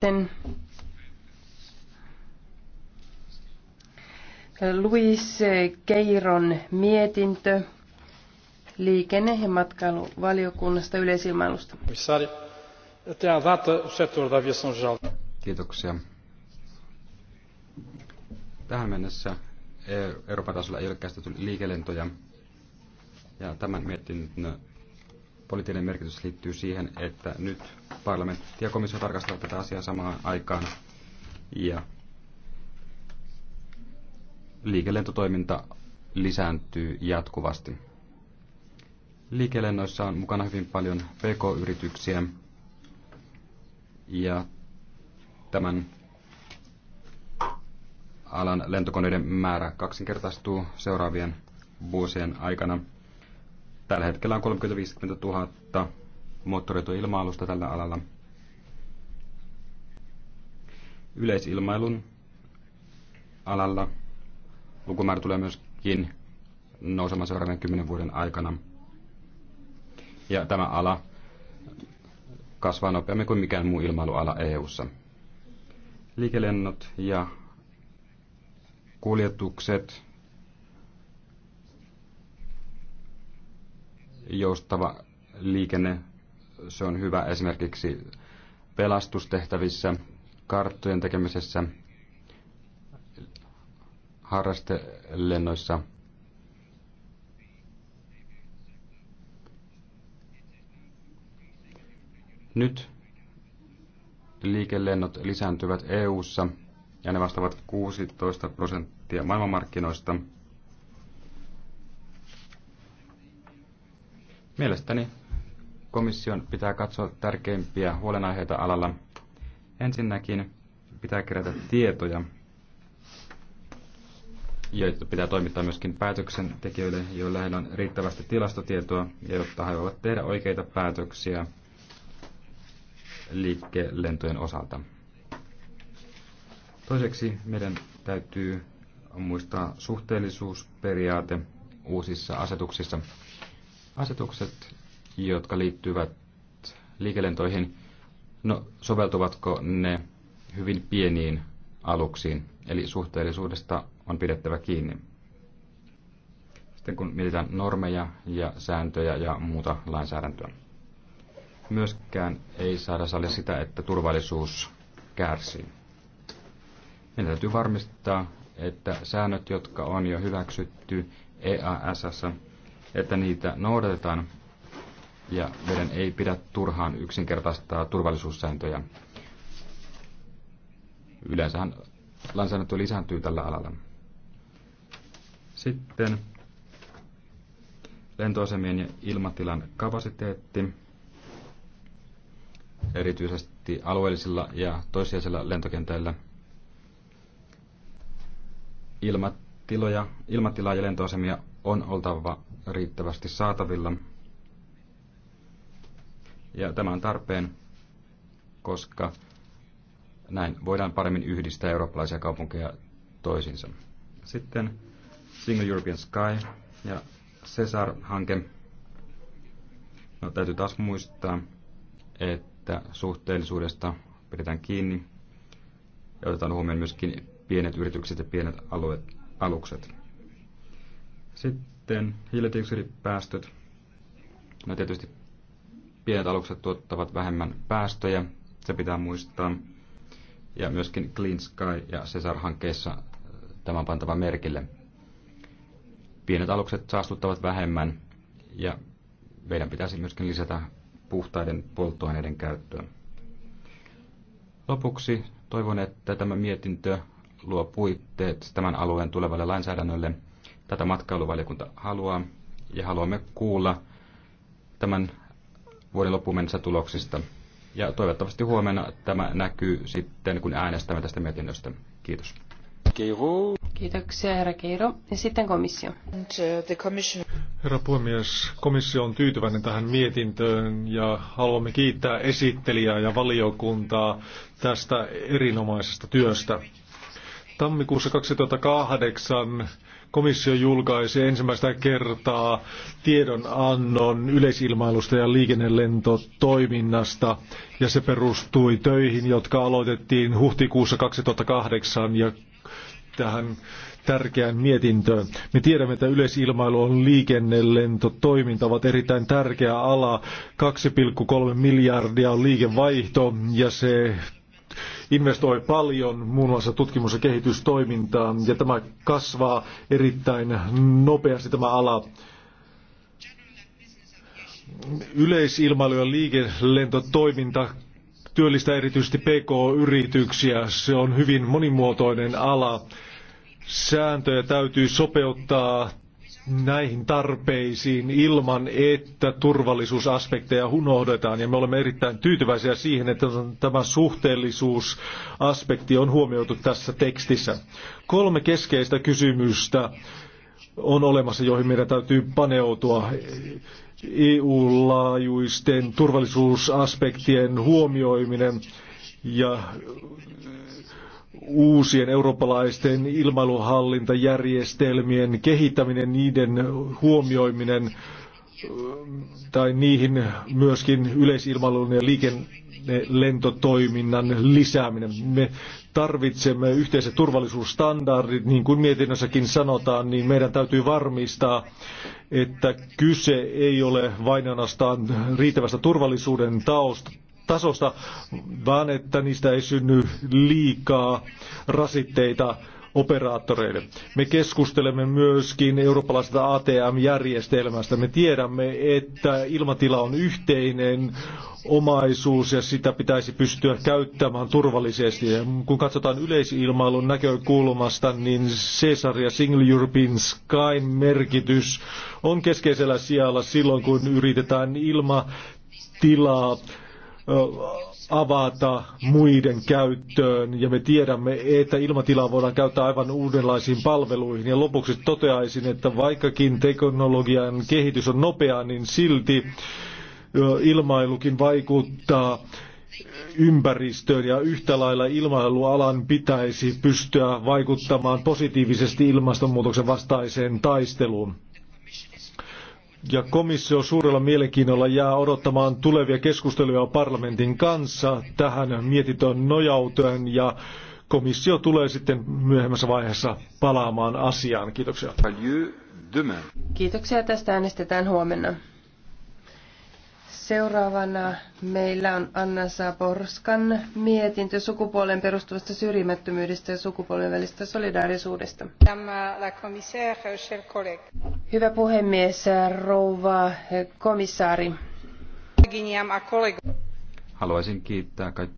Sitten Luis Keiron mietintö liikenne- ja matkailuvaliokunnasta yleisilmailusta. Kiitoksia. Tähän mennessä e- Euroopan tasolla ei ole käsitelty liikelentoja. Ja tämän mietinnön poliittinen merkitys liittyy siihen, että nyt parlamentti ja komissio tarkastavat tätä asiaa samaan aikaan. Ja liikelentotoiminta lisääntyy jatkuvasti. Liikelennoissa on mukana hyvin paljon pk-yrityksiä ja tämän alan lentokoneiden määrä kaksinkertaistuu seuraavien vuosien aikana. Tällä hetkellä on 30 000 moottoroitua ilma-alusta tällä alalla. Yleisilmailun alalla lukumäärä tulee myöskin nousemaan seuraavan kymmenen vuoden aikana. Ja tämä ala kasvaa nopeammin kuin mikään muu ilmailuala EU-ssa. Liikelennot ja kuljetukset, joustava liikenne se on hyvä esimerkiksi pelastustehtävissä, karttojen tekemisessä, harrastelennoissa. Nyt liikelennot lisääntyvät EU:ssa ja ne vastaavat 16 prosenttia maailmanmarkkinoista. Mielestäni Komission pitää katsoa tärkeimpiä huolenaiheita alalla. Ensinnäkin pitää kerätä tietoja, joita pitää toimittaa myöskin päätöksentekijöille, joilla heillä on riittävästi tilastotietoa, ja jotta he voivat tehdä oikeita päätöksiä liikkeelentojen osalta. Toiseksi meidän täytyy muistaa suhteellisuusperiaate uusissa asetuksissa. Asetukset jotka liittyvät liikelentoihin, no soveltuvatko ne hyvin pieniin aluksiin, eli suhteellisuudesta on pidettävä kiinni. Sitten kun mietitään normeja ja sääntöjä ja muuta lainsäädäntöä. Myöskään ei saada salia sitä, että turvallisuus kärsii. Meidän täytyy varmistaa, että säännöt, jotka on jo hyväksytty EASS, että niitä noudatetaan ja meidän ei pidä turhaan yksinkertaistaa turvallisuussääntöjä. Yleensähän lainsäädäntö lisääntyy tällä alalla. Sitten lentoasemien ja ilmatilan kapasiteetti, erityisesti alueellisilla ja toissijaisilla lentokentäillä. Ilmatiloja, ilmatilaa ja lentoasemia on oltava riittävästi saatavilla – ja tämä on tarpeen, koska näin voidaan paremmin yhdistää eurooppalaisia kaupunkeja toisiinsa. Sitten Single European Sky ja Cesar-hanke. No, täytyy taas muistaa, että suhteellisuudesta pidetään kiinni ja otetaan huomioon myöskin pienet yritykset ja pienet alueet, alukset. Sitten hiilidioksidipäästöt. No tietysti pienet alukset tuottavat vähemmän päästöjä, se pitää muistaa. Ja myöskin Clean Sky ja Cesar-hankkeessa äh, tämä on pantava merkille. Pienet alukset saastuttavat vähemmän ja meidän pitäisi myöskin lisätä puhtaiden polttoaineiden käyttöä. Lopuksi toivon, että tämä mietintö luo puitteet tämän alueen tulevalle lainsäädännölle. Tätä matkailuvaliokunta haluaa ja haluamme kuulla tämän vuoden loppuun mennessä tuloksista. Ja toivottavasti huomenna tämä näkyy sitten, kun äänestämme tästä mietinnöstä. Kiitos. Kiitoksia, herra Keiro. Ja sitten komissio. Uh, herra puhemies, komissio on tyytyväinen tähän mietintöön ja haluamme kiittää esittelijää ja valiokuntaa tästä erinomaisesta työstä. Tammikuussa 2008 komissio julkaisi ensimmäistä kertaa tiedonannon yleisilmailusta ja liikennelentotoiminnasta, ja se perustui töihin, jotka aloitettiin huhtikuussa 2008 ja tähän tärkeään mietintöön. Me tiedämme, että yleisilmailu on liikennelentotoiminta, ovat erittäin tärkeä ala. 2,3 miljardia on liikevaihto ja se investoi paljon muun muassa tutkimus- ja kehitystoimintaan ja tämä kasvaa erittäin nopeasti tämä ala. Yleisilmailu- ja liikelentotoiminta työllistää erityisesti PK-yrityksiä. Se on hyvin monimuotoinen ala. Sääntöjä täytyy sopeuttaa näihin tarpeisiin ilman, että turvallisuusaspekteja unohdetaan. Ja me olemme erittäin tyytyväisiä siihen, että tämä suhteellisuusaspekti on huomioitu tässä tekstissä. Kolme keskeistä kysymystä on olemassa, joihin meidän täytyy paneutua. EU-laajuisten e turvallisuusaspektien huomioiminen, ja äh, uusien eurooppalaisten ilmailuhallintajärjestelmien kehittäminen, niiden huomioiminen äh, tai niihin myöskin yleisilmailun ja liikelentotoiminnan lisääminen. Me tarvitsemme yhteiset turvallisuusstandardit, niin kuin mietinnössäkin sanotaan, niin meidän täytyy varmistaa, että kyse ei ole vain ainoastaan riittävästä turvallisuuden taosta, tasosta, vaan että niistä ei synny liikaa rasitteita operaattoreille. Me keskustelemme myöskin eurooppalaisesta ATM-järjestelmästä. Me tiedämme, että ilmatila on yhteinen omaisuus ja sitä pitäisi pystyä käyttämään turvallisesti. Ja kun katsotaan yleisilmailun näkökulmasta, niin Caesar ja Single European Sky merkitys on keskeisellä sijalla silloin, kun yritetään ilmatilaa avata muiden käyttöön ja me tiedämme, että ilmatilaa voidaan käyttää aivan uudenlaisiin palveluihin. Ja lopuksi toteaisin, että vaikkakin teknologian kehitys on nopea, niin silti ilmailukin vaikuttaa ympäristöön ja yhtä lailla ilmailualan pitäisi pystyä vaikuttamaan positiivisesti ilmastonmuutoksen vastaiseen taisteluun ja komissio suurella mielenkiinnolla jää odottamaan tulevia keskusteluja parlamentin kanssa tähän mietintöön nojautuen ja komissio tulee sitten myöhemmässä vaiheessa palaamaan asiaan. Kiitoksia. Kiitoksia. Tästä äänestetään huomenna. Seuraavana meillä on Anna Saborskan mietintö sukupuolen perustuvasta syrjimättömyydestä ja sukupuolen välistä solidaarisuudesta. Tämä la commissaire, Hyvä puhemies, rouva komissaari. Haluaisin kiittää kaikkia.